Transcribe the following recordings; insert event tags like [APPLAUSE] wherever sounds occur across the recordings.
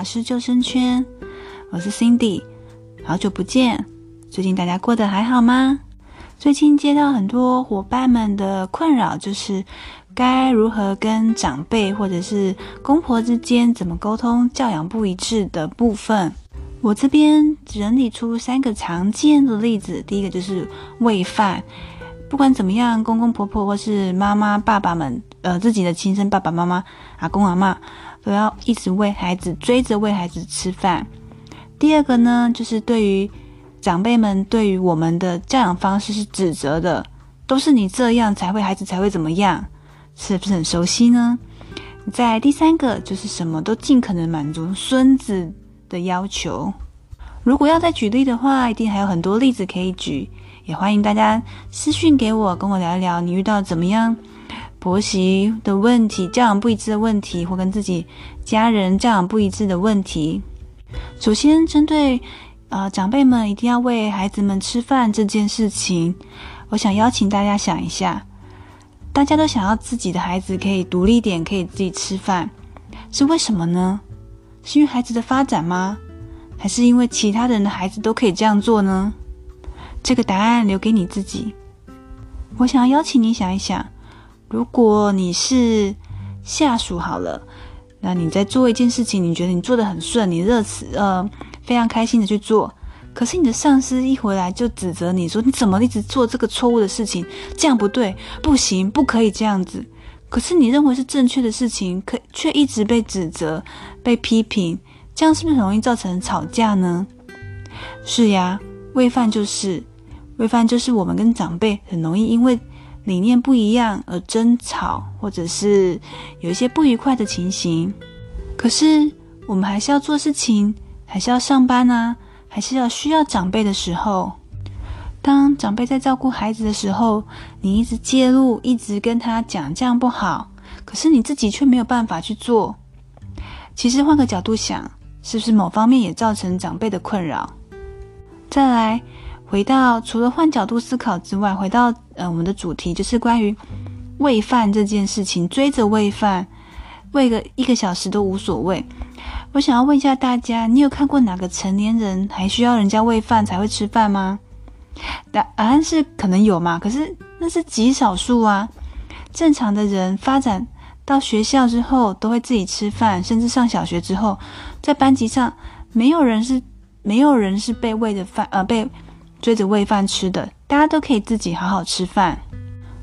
媽咪老師救生圈，我是 Cindy，好久不見，最近大家過得還好嗎？最近接到很多夥伴們的困擾，就是該如何跟長輩或者是公婆之間怎麼溝通教養不一致的部分。我這邊整理出三個常見的例子，第一個就是餵飯，不管怎麼樣，公公婆婆或是媽媽爸爸們，呃，自己的親生爸爸媽媽、阿公阿媽。都要一直餵孩子，追着餵孩子吃飯。第二個呢，就是對於長輩們對於我們的教養方式是指責的，都是你這樣才會孩子才會怎麼樣，是不是很熟悉呢？再來第三個就是什麼都盡可能滿足孫子的要求。如果要再舉例的話，一定還有很多例子可以舉，也歡迎大家私訊給我，跟我聊一聊你遇到怎麼樣。婆媳的問題、教養不一致的問題，或跟自己家人教養不一致的問題。首先，針對呃長輩們一定要餵孩子們吃飯這件事情，我想邀請大家想一下：大家都想要自己的孩子可以獨立點，可以自己吃飯，是為什麼呢？是因為孩子的發展嗎？還是因為其他人的孩子都可以這樣做呢？這個答案留給你自己。我想要邀請你想一想。如果你是下屬好了，那你在做一件事情，你覺得你做的很順，你熱死呃，非常開心的去做。可是你的上司一回來就指責你說：“你怎麼一直做這個錯誤的事情？這樣不對，不行，不可以這樣子。”可是你認為是正確的事情，可卻一直被指責、被批評，這樣是不是很容易造成吵架呢？是呀，餵飯就是餵飯就是我們跟長輩很容易因為理念不一樣而爭吵，或者是有一些不愉快的情形，可是我們還是要做事情，還是要上班啊，還是要需要長輩的時候。當長輩在照顧孩子的時候，你一直介入，一直跟他講這樣不好，可是你自己卻沒有辦法去做。其實換個角度想，是不是某方面也造成長輩的困擾？再來。回到除了換角度思考之外，回到呃，我們的主題，就是關於餵飯這件事情，追着餵飯，餵個一個小時都無所謂。我想要問一下大家，你有看過哪個成年人還需要人家餵飯才會吃飯嗎？答案是可能有嘛，可是那是極少數啊。正常的人發展到學校之後都會自己吃飯，甚至上小學之後，在班級上沒有人是沒有人是被餵着飯呃被，追着餵飯吃的，大家都可以自己好好吃飯。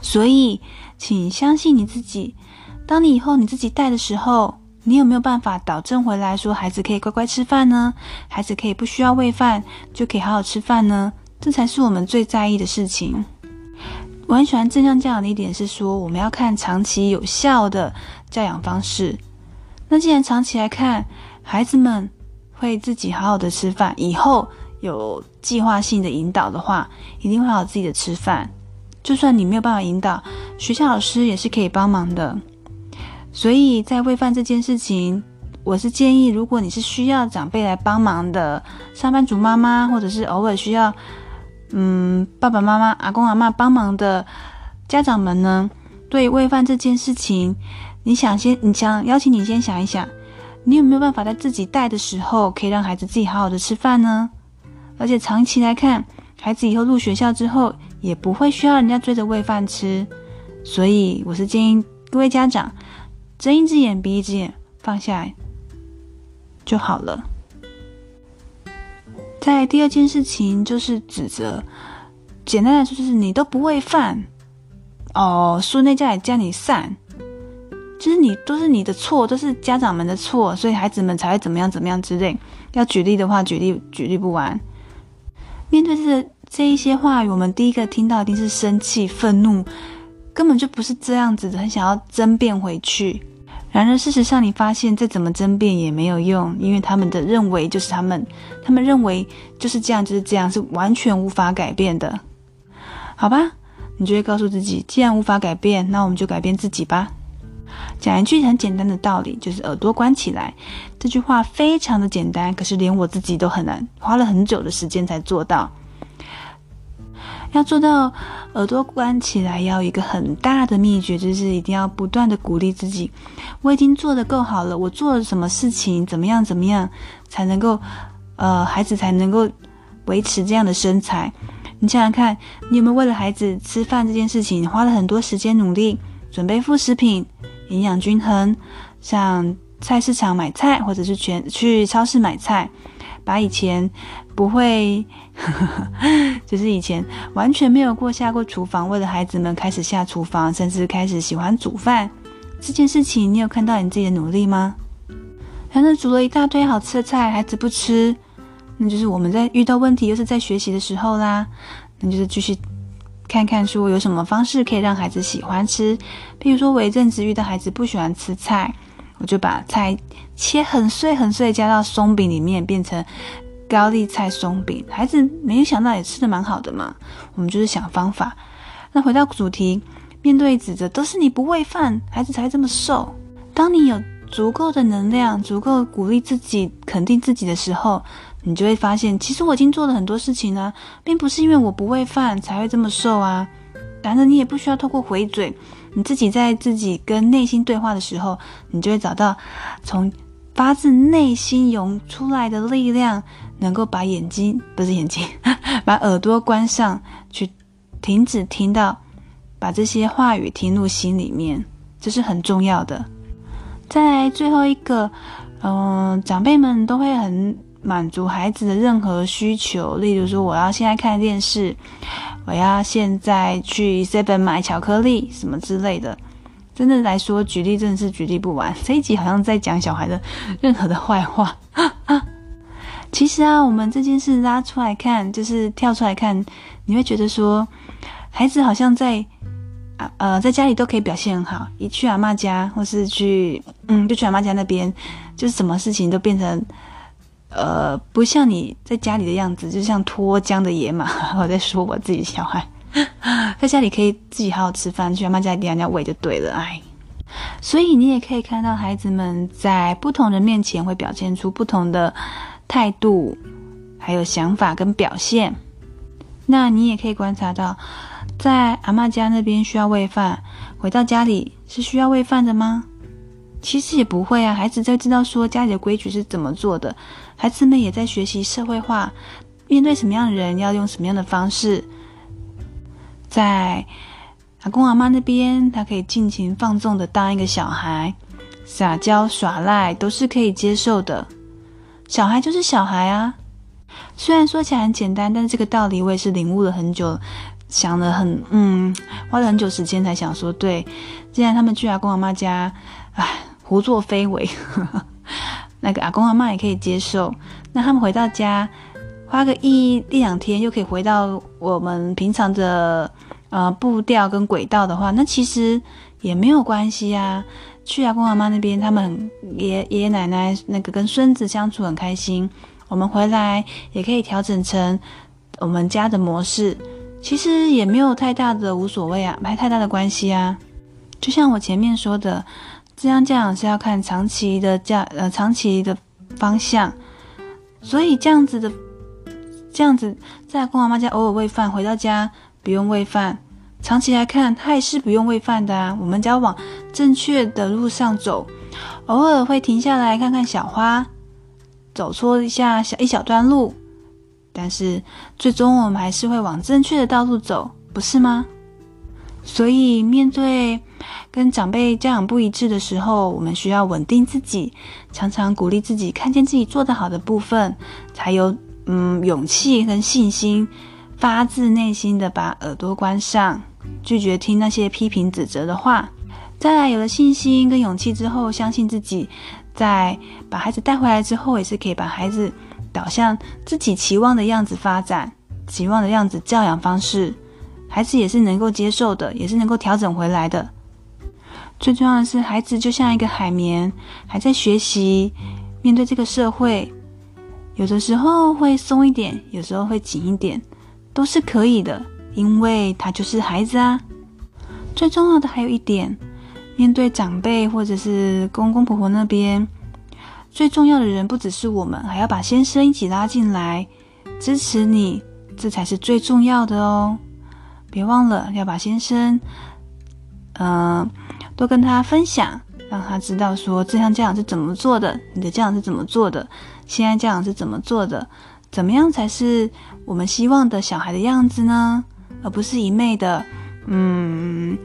所以，請相信你自己。當你以後你自己帶的時候，你有沒有辦法導正回來說，孩子可以乖乖吃飯呢？孩子可以不需要餵飯就可以好好吃飯呢？這才是我們最在意的事情。我很喜歡正向教養的一點是說，我們要看長期有效的教養方式。那既然長期來看，孩子們會自己好好的吃飯，以後。有計劃性的引導的話，一定會好自己的吃飯。就算你沒有辦法引導，學校老師也是可以幫忙的。所以在餵飯這件事情，我是建議，如果你是需要長輩來幫忙的，上班族媽媽或者是偶爾需要，嗯，爸爸媽媽、阿公阿嬤幫忙的家長們呢，對於餵飯這件事情，你想先，你想邀請你先想一想，你有沒有辦法在自己帶的時候，可以讓孩子自己好好的吃飯呢？而且長期來看，孩子以後入學校之後也不會需要人家追着餵飯吃，所以我是建議各位家長睜一隻眼閉一隻眼，放下來就好了。再第二件事情就是指責，簡單來說就是你都不餵飯，哦，書內叫你叫你散，就是你都、就是你的錯，都、就是家長們的錯，所以孩子們才會怎麼樣怎麼樣之類。要舉例的話，舉例舉例不完。面對這這一些話語，我們第一個聽到一定是生氣、憤怒，根本就不是這樣子的，很想要爭辯回去。然而事實上，你發現再怎麼爭辯也沒有用，因為他們的認為就是他們，他們認為就是這樣，就是這樣，是完全無法改變的。好吧，你就會告訴自己，既然無法改變，那我們就改變自己吧。講一句很簡單的道理，就是耳朵關起來。這句話非常的簡單，可是連我自己都很難，花了很久的時間才做到。要做到耳朵關起來，要有一個很大的秘訣，就是一定要不斷的鼓勵自己，我已經做得夠好了，我做了什麼事情，怎麼樣怎麼樣，才能夠，呃，孩子才能夠維持這樣的身材。你想想看，你有沒有為了孩子吃飯這件事情，花了很多時間努力準備副食品？營養均衡，像菜市場買菜，或者是全去超市買菜，把以前不會， [LAUGHS] 就是以前完全沒有過下過廚房，為了孩子們開始下廚房，甚至開始喜歡煮飯這件事情，你有看到你自己的努力嗎？反正、啊、煮了一大堆好吃的菜，孩子不吃，那就是我們在遇到問題又是在學習的時候啦，那就是繼續。看看書有什麼方式可以讓孩子喜歡吃，譬如說，為正直遇到孩子不喜歡吃菜，我就把菜切很碎很碎，加到鬆餅裡面，變成高麗菜鬆餅，孩子沒有想到也吃得蠻好的嘛。我們就是想方法。那回到主題，面對指責都是你不餵飯，孩子才這麼瘦。當你有足夠的能量，足夠鼓勵自己、肯定自己的時候，你就會發現，其實我已經做了很多事情了，啊，並不是因為我不餵飯才會這麼瘦啊。反正你也不需要透過回嘴，你自己在自己跟內心對話的時候，你就會找到從發自內心湧出來的力量，能夠把眼睛，不是眼睛，把耳朵關上去，停止聽到，把這些話語聽入心裡面，這，就是很重要的。再來最後一個，嗯、呃，長輩們都會很滿足孩子的任何需求，例如說，我要現在看電視，我要現在去 Seven 買巧克力，什麼之類的。真的來說，舉例真的是舉例不完。這一集好像在講小孩的任何的壞話，啊，啊。其實啊，我們這件事拉出來看，就是跳出來看，你會覺得說，孩子好像在啊呃，在家裡都可以表現很好，一去阿嬤家或是去嗯，就去阿嬤家那邊，就是什麼事情都變成。呃，不像你在家裡的樣子，就像脫韁的野馬。我在說我自己小孩， [LAUGHS] 在家裡可以自己好好吃飯，去阿媽家一定要餵就對了。哎，所以你也可以看到孩子們在不同人面前會表現出不同的態度，還有想法跟表現。那你也可以觀察到，在阿媽家那邊需要餵飯，回到家裡是需要餵飯的嗎？其實也不會啊，孩子就知道說家裡的規矩是怎麼做的，孩子們也在學習社會化，面對什麼樣的人要用什麼樣的方式。在，阿公阿媽那邊，他可以盡情放縱的當一個小孩，撒嬌耍賴都是可以接受的。小孩就是小孩啊，雖然說起來很簡單，但是這個道理我也是領悟了很久，想了很，嗯，花了很久時間才想說對。既然他們去阿公阿媽家，唉。胡作非為呵呵，那個阿公阿媽也可以接受。那他們回到家，花個一一兩天，又可以回到我們平常的呃步調跟軌道的話，那其實也沒有關係啊。去阿公阿媽那邊，他們很爺爺爺爺奶奶那個跟孫子相處很開心，我們回來也可以調整成我們家的模式，其實也沒有太大的無所謂啊，沒太大的關係啊。就像我前面說的。這樣這樣是要看長期的價，呃長期的方向，所以這樣子的這樣子在阿公阿嬤家偶爾餵飯，回到家不用餵飯。長期來看，他也是不用餵飯的啊。我們只要往正確的路上走，偶爾會停下來看看小花，走錯一下小一小段路，但是最終我們還是會往正確的道路走，不是嗎？所以，面對跟長輩教養不一致的時候，我們需要穩定自己，常常鼓勵自己，看見自己做得好的部分，才有嗯勇氣跟信心，發自內心的把耳朵關上，拒絕聽那些批評指責的話。再來，有了信心跟勇氣之後，相信自己，在把孩子帶回來之後，也是可以把孩子導向自己期望的樣子發展，期望的樣子教養方式。孩子也是能夠接受的，也是能夠調整回來的。最重要的是，孩子就像一個海綿，還在學習，面對這個社會，有的時候會鬆一點，有時候會緊一點，都是可以的，因為他就是孩子啊。最重要的還有一點，面對長輩或者是公公婆婆那邊，最重要的人不只是我們，還要把先生一起拉進來，支持你，這才是最重要的哦。別忘了要把先生，嗯、呃，多跟他分享，讓他知道說這項教養是怎麼做的，你的教養是怎麼做的，現在教養是怎麼做的，怎麼樣才是我們希望的小孩的樣子呢？而不是一昧的，嗯，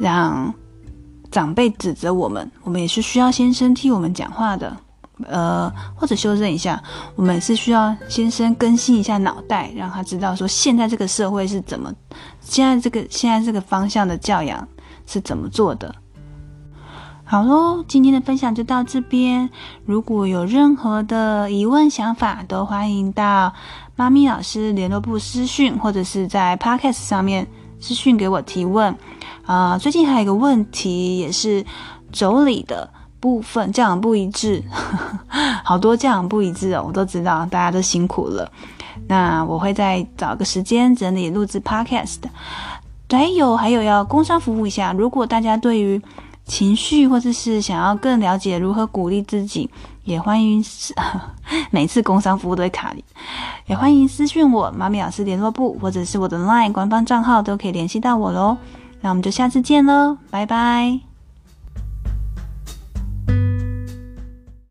讓長輩指責我們，我們也是需要先生替我們講話的。呃，或者修正一下，我們是需要先生更新一下腦袋，讓他知道說現在這個社會是怎麼，現在這個現在這個方向的教養是怎麼做的。好咯，今天的分享就到這邊。如果有任何的疑問想法，都歡迎到媽咪老師聯絡簿私訊，或者是在 Podcast 上面私訊給我提問。啊、呃，最近還有一個問題也是妯娌的。部分教養不一致， [LAUGHS] 好多教養不一致哦，我都知道，大家都辛苦了。那我會再找個時間整理錄製 podcast。還有還有要工商服務一下，如果大家對於情緒或者是，是想要更了解如何鼓勵自己，也歡迎每次工商服務的卡裡，也歡迎私訊我媽咪老師聯絡簿或者是我的 LINE 官方賬號都可以聯繫到我嘍。那我們就下次見嘍，拜拜。